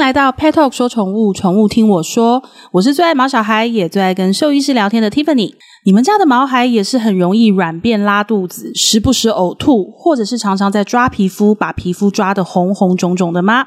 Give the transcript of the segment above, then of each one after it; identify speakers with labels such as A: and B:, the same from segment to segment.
A: 來到 Pet Talk 說寵物，寵物聽我說，我是最愛毛小孩，也最愛跟獸醫師聊天的 Tiffany。你們家的毛孩也是很容易軟便、拉肚子，時不時嘔吐，或者是常常在抓皮膚，把皮膚抓得紅紅腫腫的嗎？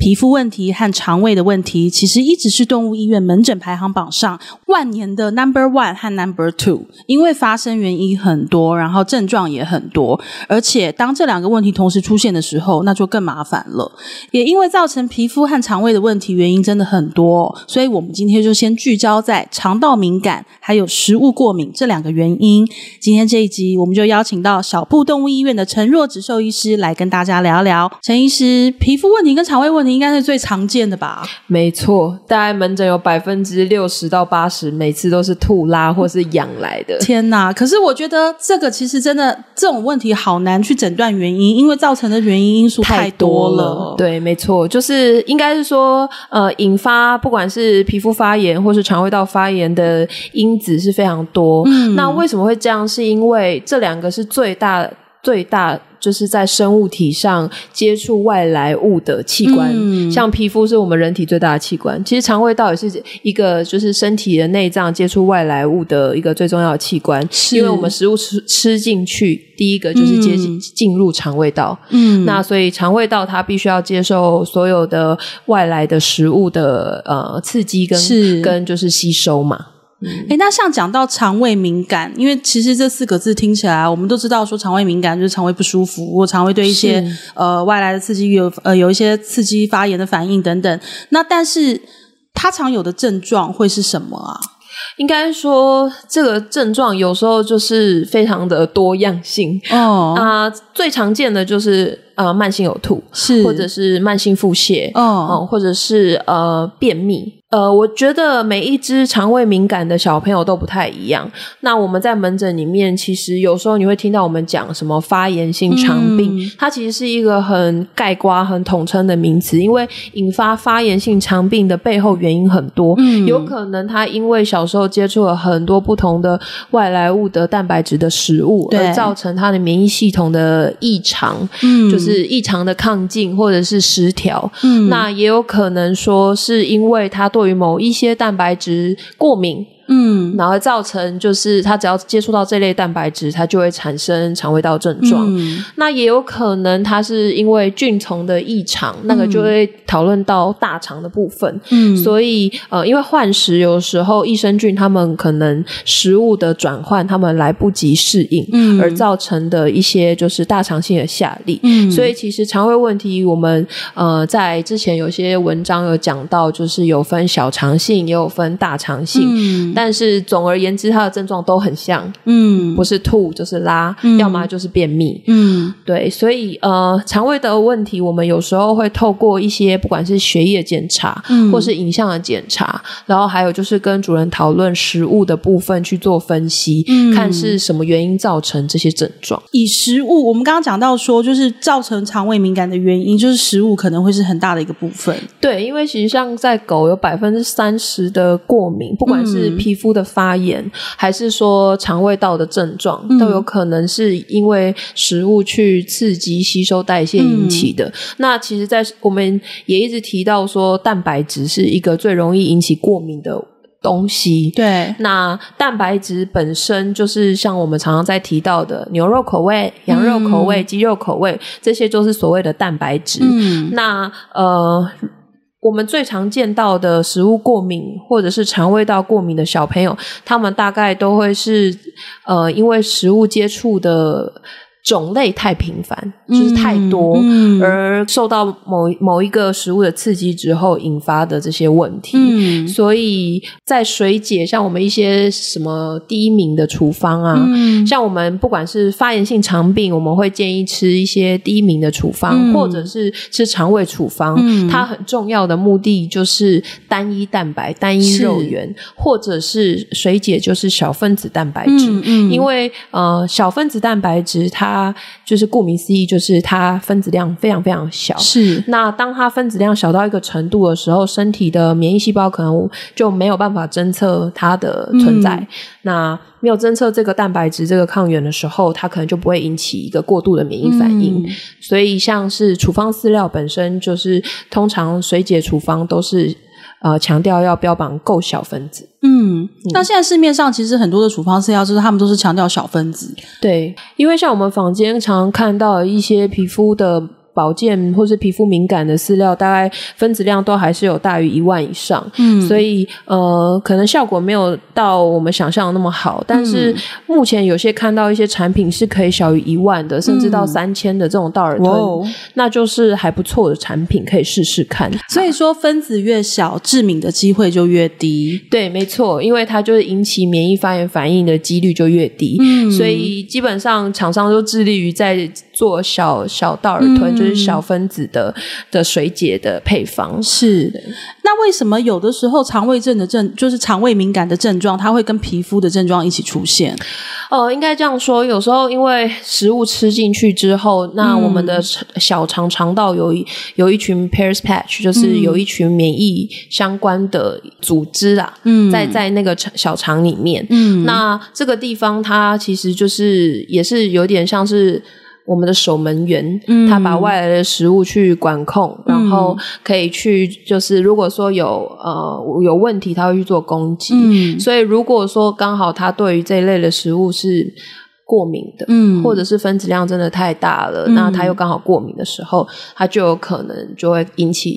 A: 皮膚問題和腸胃的問題，其實一直是動物醫院門診排行榜上萬年的 Number One 和 Number Two。因為發生原因很多，然後症狀也很多，而且當這兩個問題同時出現的時候，那就更麻煩了。也因為造成皮膚和腸胃的問題原因真的很多，所以我們今天就先聚焦在腸道敏感還有食物過敏這兩個原因。今天這一集，我們就邀請到小布動物醫院的程若芷獸醫師來跟大家聊聊。程醫師，皮膚問題跟腸胃問題。應該是最常見的吧？
B: 沒錯，大概門診有百分之六十到八十，每次都是吐拉或是癢來的。天
A: 哪！可是我覺得這個其實真的，這種問題好難去診斷原因，因為造成的原因因素太多，太多了。對，沒錯，就是應該是說，呃，引發不管
B: 是皮膚發炎或是腸胃道發炎的因子是非常多。嗯，那為什麼會這樣？是因為這兩個是最大。最大就是在生物體上接觸外來物的器官、嗯，像皮膚是我們人體最大的器官。其實，腸胃道也是一個就是身體的內臟接觸外來物的一個最重要的器官，是因為我們食物吃吃進去，第一個就是接、嗯、進入腸胃道。嗯，那所以腸胃道它必須要接受所有的外來的食物的呃刺激跟跟就是吸收嘛。
A: 哎、嗯欸，那像講到腸胃敏感，因為其實這四個字聽起來，我們都知道說腸胃敏感就是腸胃不舒服，或腸胃對一些呃外來的刺激有呃有一些刺激發炎的反應等等。那但是它常有的症狀會是什麼啊？應該說這個症狀有時候就
B: 是非常的多樣性。哦啊、呃，最常見的就是呃慢性嘔吐，是或者是慢性腹瀉，嗯、哦呃，或者是呃便秘。呃，我覺得每一隻腸胃敏感的小朋友都不太一樣。那我們在門診裡面，其實有時候你會聽到我們講什麼發炎性腸病，嗯、它其實是一個很概括、很統稱的名詞，因為引發發炎性腸病的背後原因很多，嗯、有可能他因為小時候接觸了很多不同的外來物的蛋白質的食物，而造成他的免疫系統的異常，嗯、就是異常的亢進，或者是失調、嗯。那也有可能說是因為他對於某一些蛋白質過敏。嗯，然後造成就是他只要接觸到這類蛋白質，他就會產生腸胃道症狀、嗯。那也有可能他是因為菌叢的異常、嗯，那個就會討論到大腸的部分。嗯，所以呃，因為換食有時候益生菌他們可能食物的轉換他們來不及適應、嗯，而造成的一些就是大腸性的下痢。嗯，所以其實腸胃問題我們呃在之前有些文章有講到，就是有分小腸性也有分大腸性。嗯。但是總而言之，它的症狀都很像，嗯，不是吐就是拉，嗯，要麼就是便秘，嗯，對，所以呃，腸胃的問題，我們有時候會透過一些不管是血液檢查，嗯，或是影像的檢查，然後還有就是跟主人討論食物的部分去做分析，嗯，看是什麼原因造成這些症狀。
A: 以食物，我們剛剛講到說，就是造成腸胃敏感的原因，就是食物可能會是很大的一個部分。對，因為其實像在狗有百分之
B: 三十的過敏，不管是皮。皮膚的發炎，還是說腸胃道的症狀，嗯，都有可能是因為食物，去刺激吸收代謝引起的。嗯、那其實，在我們也一直提到說，蛋白質是一個最容易引起過敏的東西。對，那蛋白質本身就是像我們常常在提到的牛肉口味、羊肉口味、嗯、雞肉口味、雞肉口味，這些就是所謂的蛋白質。嗯、那呃。我們最常見到的食物過敏，或者是腸胃道過敏的小朋友，他們大概都會是呃，因為食物接觸的。種類太頻繁，就是太多，嗯嗯、而受到某某一個食物的刺激之後引發的這些問題。嗯、所以，在水解，像我們一些什麼低敏的處方啊、嗯，像我們不管是發炎性腸病，我們會建議吃一些低敏的處方、嗯，或者是吃腸胃處方、嗯。它很重要的目的就是單一蛋白、單一肉源，是。或者是水解，就是小分子蛋白質。嗯嗯、因為呃，小分子蛋白質它它就是顧名思義，就是它分子量非常非常小。是，那當它分子量小到一個程度的時候，身體的免疫細胞可能就沒有辦法偵測它的存在。嗯。那沒有偵測這個蛋白質這個抗原的時候，它可能就不會引起一個過度的免疫反應。嗯。所以，像是處方飼料本身就是通常水解處方都是。呃，強調要標榜夠小分子，
A: 嗯。嗯，那現在市面上其實很多的處方飼料，就是他們都是強調小分子。對，因為像我
B: 們坊間，常常看到一些皮膚的。保健或是皮膚敏感的飼料，大概分子量都還是有大於一萬以上，嗯，所以呃，可能效果沒有到我們想象的那麼好。嗯、但是目前有些看到一些產品是可以小於一萬的、嗯，甚至到三千的這種道爾吞、哦，那就是還不錯的產品，可以試試看。所以說，分子越小，致敏的機會就越低、嗯。對，沒錯，因為它就是引起免疫發炎反應的幾率就越低，嗯，所以基本上廠商都致力於在做小小道爾吞。嗯就是小
A: 分子的、嗯、的水解的配方是。那為什麼有的時候腸胃症的症就是腸胃敏感的症狀，它會跟皮膚的症狀一起出現？哦、呃，應該這樣說，有時候因為食物吃進去之後，嗯、那我們的小腸
B: 腸道有一有一群 pairs patch，就是有一群免疫相關的組織啊，嗯、在在那個小腸裡面。嗯。那這個地方它其實就是也是有點像是。我們的守門員，他把外來的食物去管控，嗯、然後可以去就是，如果說有呃有問題，他會去做攻擊、嗯。所以，如果說剛好他對於這一類的食物是過敏的，嗯，或者是分子量真的太大了，嗯、那他又剛好過敏的時候，他就有可能就會引起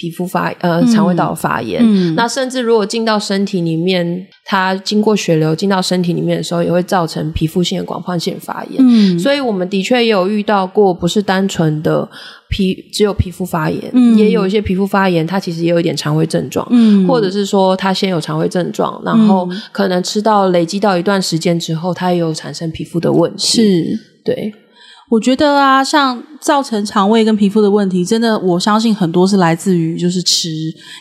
B: 皮膚發呃腸胃道的發炎、嗯。那甚至如果進到身體裡面。它經過血流進到身體裡面的時候，也會造成皮膚性的廣泛性發炎。嗯，所以我們的確也有遇到過不是單純的皮只有皮膚發炎。嗯，也有一些皮膚發炎，它其實也有一點腸胃症狀。嗯，或者是說它先有腸胃症狀，然後可能吃到累積到一段時間之後，它也有產
A: 生皮膚的問題。是對。我覺得啊，像造成腸胃跟皮膚的問題，真的，我相信很多是來自於就是吃，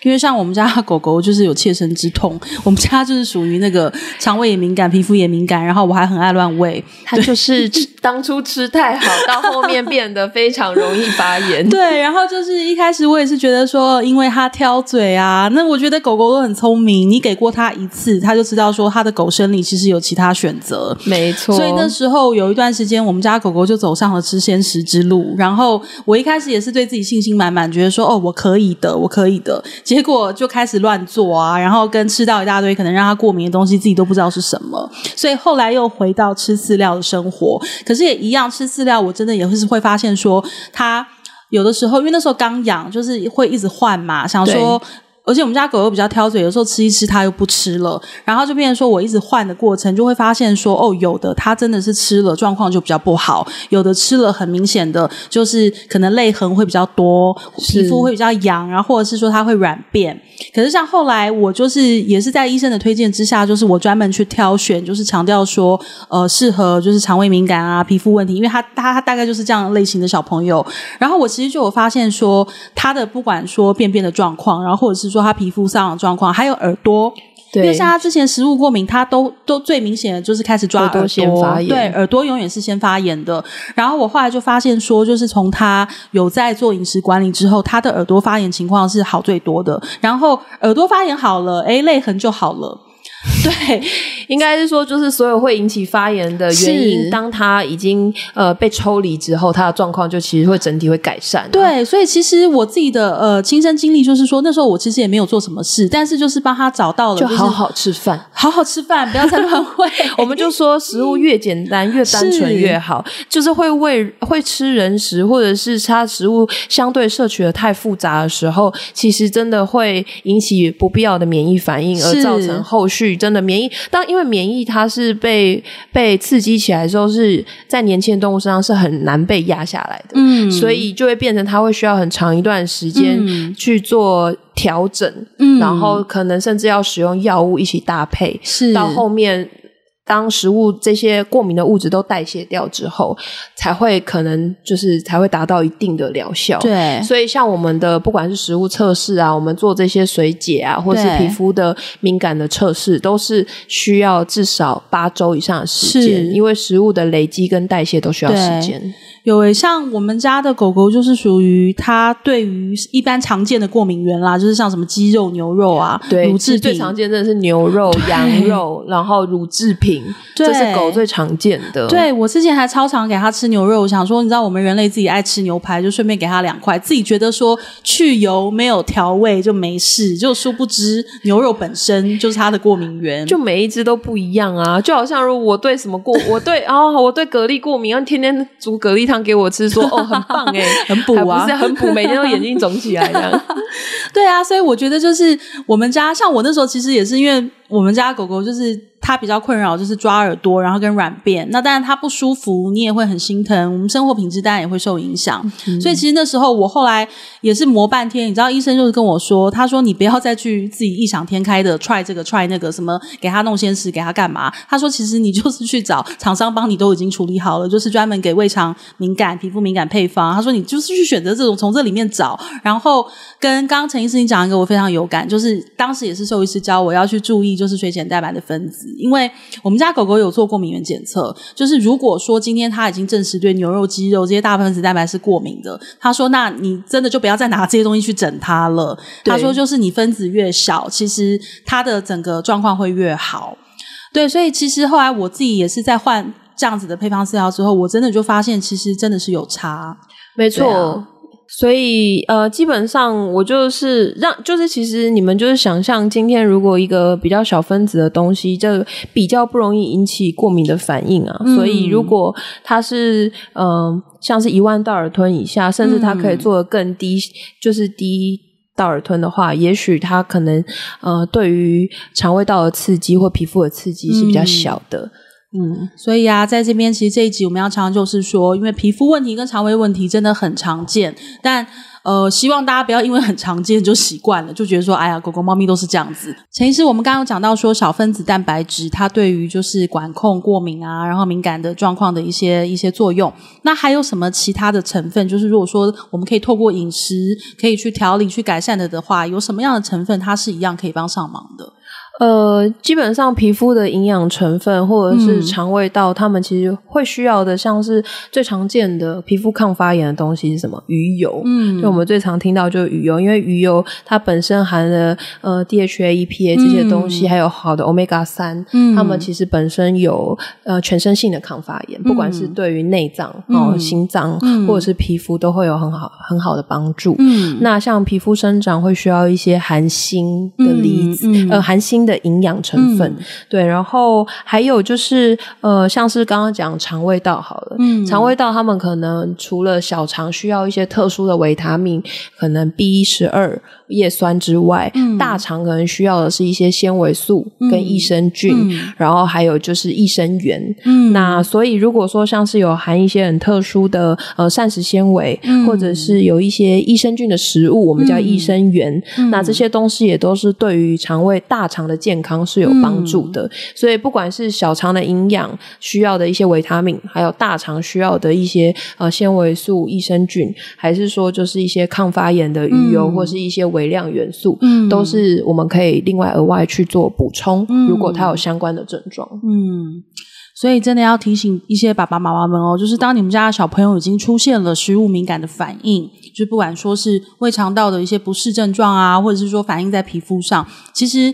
A: 因為像我們家狗狗就是有切身之痛，我們家就是屬於那個腸胃也敏感，皮膚也敏感，然後我還很愛亂餵，它就是。 當初吃太
B: 好，到後面變得非常容
A: 易發炎。 對，然後就是一開始我也是覺得說，因為它挑嘴啊，那我覺得狗狗都很聰明，你給過它一次，它就知道說它的狗生裡其實有其他選擇，沒錯。所以那時候有一段時間，我們家狗狗就走上了吃鮮食之路。然後我一開始也是對自己信心滿滿，覺得說哦，我可以的，我可以的。結果就開始亂做啊，然後跟吃到一大堆可能讓它過敏的東西，自己都不知道是什麼。所以後來又回到吃飼料的生活。可是也一樣，吃飼料，我真的也是會發現說，它有的時候，因為那時候剛養，就是會一直換嘛，想說。而且我們家狗又比較挑嘴，有時候吃一吃它又不吃了，然後就變成說我一直換的過程，就會發現說哦，有的它真的是吃了，狀況就比較不好；有的吃了很明顯的，就是可能淚痕會比較多，皮膚會比較癢，然後或者是說它會軟便。可是像後來我就是也是在醫生的推薦之下，就是我專門去挑選，就是強調說呃適合就是腸胃敏感啊、皮膚問題，因為它它，它大概就是這樣的類型的小朋友。然後我其實就有發現說它的不管說便便的狀況，然後或者是說，就是說他皮膚上的狀況，還有耳朵。對。因為像他之前食物過敏，他都都最明顯的就是開始抓耳朵。耳朵先發炎。對，耳朵永遠是先發炎的。然後我後來就發現說，就是從他有在做飲食管理之後，他的耳朵發炎情況是好最多的。然後耳朵發炎好了，哎，欸，淚痕就好了。對，應該是說，
B: 就是所有會引起發炎的原因，當它已經呃被抽離之後，它的狀況就其實會整體會改善。
A: 對，所以其實我自己的呃親身經歷就是說，那時候我其實也沒有做什麼事，但是就是幫他找到了，就好好吃飯，就是、好
B: 好吃飯， 不要再亂餵。 我們就說，食物越簡單越單純越好，是就是會餵會吃人食或者是他食物相對攝取的太複雜的時候，其實真的會引起不必要的免疫反應，而造成後續。真的免疫，當因為免疫它是被被刺激起來之後，是在年輕的動物身上是很難被壓下來的。嗯，所以就會變成它會需要很長一段時間去做調整，嗯，然後可能甚至要使用藥物一起搭配，是到後面。當食物這些過敏的物質都代謝掉之後，才會可能就是才會達到一定的療效。對，所以像我們的，不管是食物測試啊，我們做這些水解啊，或是皮膚的敏感的測試，都是需要至少八周以上的時間，是，因為
A: 食物的累積跟代謝都需要時間。有誒，像我們家的狗狗就是屬於它對於一般常見的過敏源啦，就是像什麼雞肉、牛肉啊，對，乳製品。最常見的是牛肉、羊肉， 然後乳製品。對，這是狗最常見的。對，我之前還超常給它吃牛肉，我想說，你知道我們人類自己愛吃牛排，就順便給它兩塊，自己覺得說去油沒有調味就沒事，就殊不知牛肉本身就是它的過敏源。就每一只都不一樣啊，就好像如果我對什麼過， 我
B: 對哦，我對蛤蜊過敏，天天煮蛤蜊湯給我吃，說哦很棒哎，欸， 很補啊，很補， 每天都眼睛腫
A: 起來這樣。對啊，所以我覺得就是我們家像我那時候，其實也是因為我們家狗狗就是它比較困擾，就是抓耳朵，然後跟軟便。那當然它不舒服，你也會很心疼，我們生活品質當然也會受影響，嗯。所以其實那時候我後來也是磨半天，你知道醫生就是跟我說，他說你不要再去自己異想天開的 try 這個 try 那個什麼，給他弄鮮食，給他幹嘛？他說其實你就是去找廠商幫你都已經處理好了，就是專門給胃腸敏感、皮膚敏感配方。他說你就是去選擇這種從這裡面找，然後跟。剛程醫師，你講一個我非常有感，就是當時也是獸醫師教我要去注意，就是水解蛋白的分子，因為我們家狗狗有做過敏原檢測，就是如果說今天他已經證實對牛肉、雞肉這些大分子蛋白是過敏的，他說那你真的就不要再拿這些東西去整它了。他說就是你分子越小，其實它的整個狀況會越好。對，所以其實後來我自己也是在換這樣子的配方飼料之後，我真的就發現其實真的是有差，沒錯。
B: 所以，呃，基本上我就是讓，就是其實你們就是想象，今天如果一個比較小分子的東西，就比較不容易引起過敏的反應啊。嗯、所以，如果它是，嗯、呃，像是一萬道爾頓以下，甚至它可以做得更低，嗯，就是低道爾頓的話，也許它可能，呃，對於腸胃道的刺激或皮膚的刺激是比較小的。嗯嗯，
A: 所以啊，在這邊其實這一集我們要強調就是說，因為皮膚問題跟腸胃問題真的很常見，但呃，希望大家不要因為很常見就習慣了，就覺得說，哎呀，狗狗、貓咪都是這樣子。程醫師，我們剛剛有講到說小分子蛋白質它對於就是管控過敏啊，然後敏感的狀況的一些一些作用，那還有什麼其他的成分？就是如果說我們可以透過飲食可以去調理去改善的的話，有什麼樣的成分它是一樣可以幫上忙的？
B: 呃，基本上皮膚的營養成分，或者是腸胃道，它、嗯、們其實會需要的，像是最常見的皮膚抗發炎的東西是什麼？魚油。嗯，就我們最常聽到就是魚油，因為魚油它本身含了呃 DHA EPA 這些東西，嗯、還有好的 Omega 三、嗯，它們其實本身有呃全身性的抗發炎，不管是對於內臟哦、呃嗯、心臟或者是皮膚都會有很好很好的幫助。嗯，那像皮膚生長會需要一些含鋅的離子，嗯、呃含鋅。的營養成分、嗯、對，然後還有就是呃，像是剛剛講腸胃道好了、嗯，腸胃道他們可能除了小腸需要一些特殊的維他命，可能 B 十二葉酸之外、嗯，大腸可能需要的是一些纖維素跟益生菌，嗯嗯、然後還有就是益生元、嗯。那所以如果說像是有含一些很特殊的呃膳食纖維、嗯，或者是有一些益生菌的食物，我們叫益生元、嗯，那這些東西也都是對於腸胃大腸的。健康是有幫助的、嗯，所以不管是小腸的營養需要的一些維他命，還有大腸需要的一些呃纖維素、益生菌，還是說就是一些抗發炎的魚油，嗯、或是一些微量元素，嗯、都是我們可以另外額外去做補充、嗯。如果他有相關的症狀，
A: 嗯，所以真的要提醒一些爸爸媽媽們哦，就是當你們家的小朋友已經出現了食物敏感的反應，就不管說是胃腸道的一些不適症狀啊，或者是說反應在皮膚上，其實。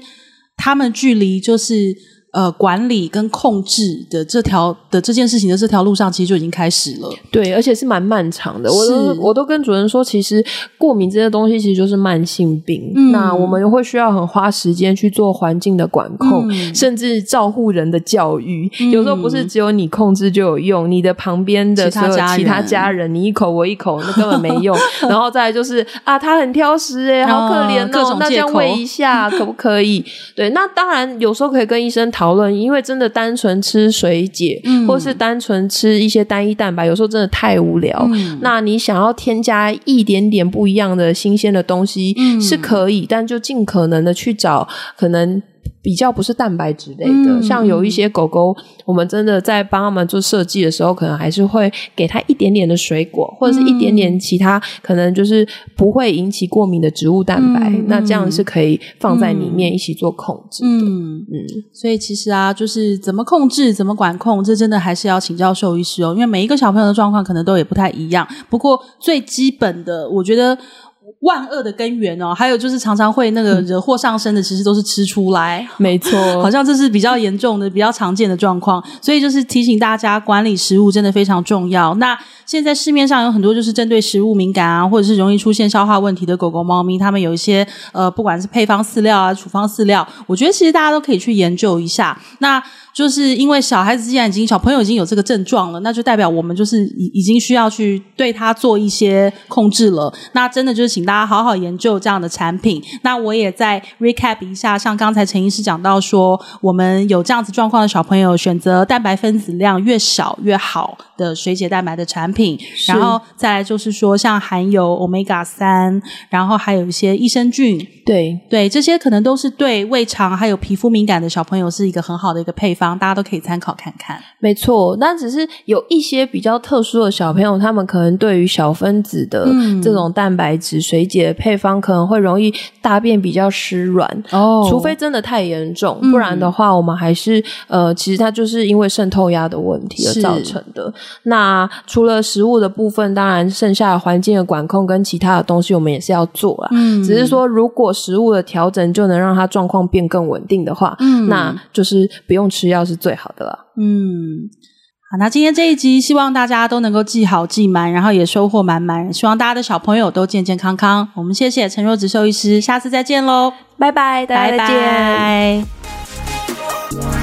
A: 他們距離就是。呃，管理跟控制的這條的這件事情的這條路上，其實就已經開始了。對，而且是蠻漫長的。是我都我都跟主人說，其
B: 實過敏這些東西其實就是慢性病。嗯、那我們會需要很花時間去做環境的管控，嗯、甚至照護人的教育、嗯。有時候不是只有你控制就有用，你的旁邊的他家其他家人， 你一口我一口，那根本沒用。 然後再來就是啊，他很挑食哎、欸，好可憐、啊、哦，那這樣餵一下、啊、可不可以？ 對，那當然有時候可以跟醫生討。討論，因為真的單純吃水解，嗯、或是單純吃一些單一蛋白，有時候真的太無聊。嗯、那你想要添加一點點不一樣的新鮮的東西、嗯、是可以，但就盡可能的去找可能。比較不是蛋白質類的，嗯，像有一些狗狗，我們真的在幫他們做設計的時候，可能還是會給他一點點的水果，或者是一點點其他，嗯、可能就是不會引起過敏的植物蛋白，嗯。那這樣是可以放在裡面一起做
A: 控制的，嗯嗯。嗯，所以其實啊，就是怎麼控制，怎麼管控，這真的還是要請教獸醫師哦。因為每一個小朋友的狀況可能都也不太一樣。不過最基本的，我覺得。萬惡的根源哦，還有就是常常會那個惹禍上身的，其實都是吃出來，沒錯，好像這是比較嚴重的、比較常見的狀況，所以就是提醒大家，管理食物真的非常重要。那現在市面上有很多就是針對食物敏感啊，或者是容易出現消化問題的狗狗、貓咪，他們有一些呃，不管是配方飼料啊、處方飼料，我覺得其實大家都可以去研究一下。那就是因為小孩子既然已經小朋友已經有這個症狀了，那就代表我們就是已已經需要去對他做一些控制了。那真的就是請大。大家好好研究這樣的產品。那我也再 recap 一下，像剛才程醫師講到說，我們有這樣子狀況的小朋友，選擇蛋白分子量越小越好的水解蛋白的產品，然後再來就是說，像含有 omega 三，然後還有一些益生菌，對對，這些可能都是對胃腸還有皮膚敏感的小朋友是一個很好的一個配方，大家都可以參考看看。沒錯。那
B: 只是有一些比較特殊的小朋友，他們可能對於小分子的這種蛋白質、嗯、水。水解配方可能會容易大便比較濕軟哦，除非真的太嚴重，嗯、不然的話我們還是呃，其實它就是因為滲透壓的問題而造成的。那除了食物的部分，當然剩下的環境的管控跟其他的東西，我們也是要做啦、嗯。只是說如果食物的調整就能讓它狀況變更
A: 穩定的話，嗯、那就是不用吃藥是最好的了。嗯。好，那今天這一集，希望大家都能夠記好記滿，然後也收穫滿滿。希望大家的小朋友都健健康康。我們謝謝程若芷獸醫師，下次再見嘍，拜拜，拜拜，拜拜。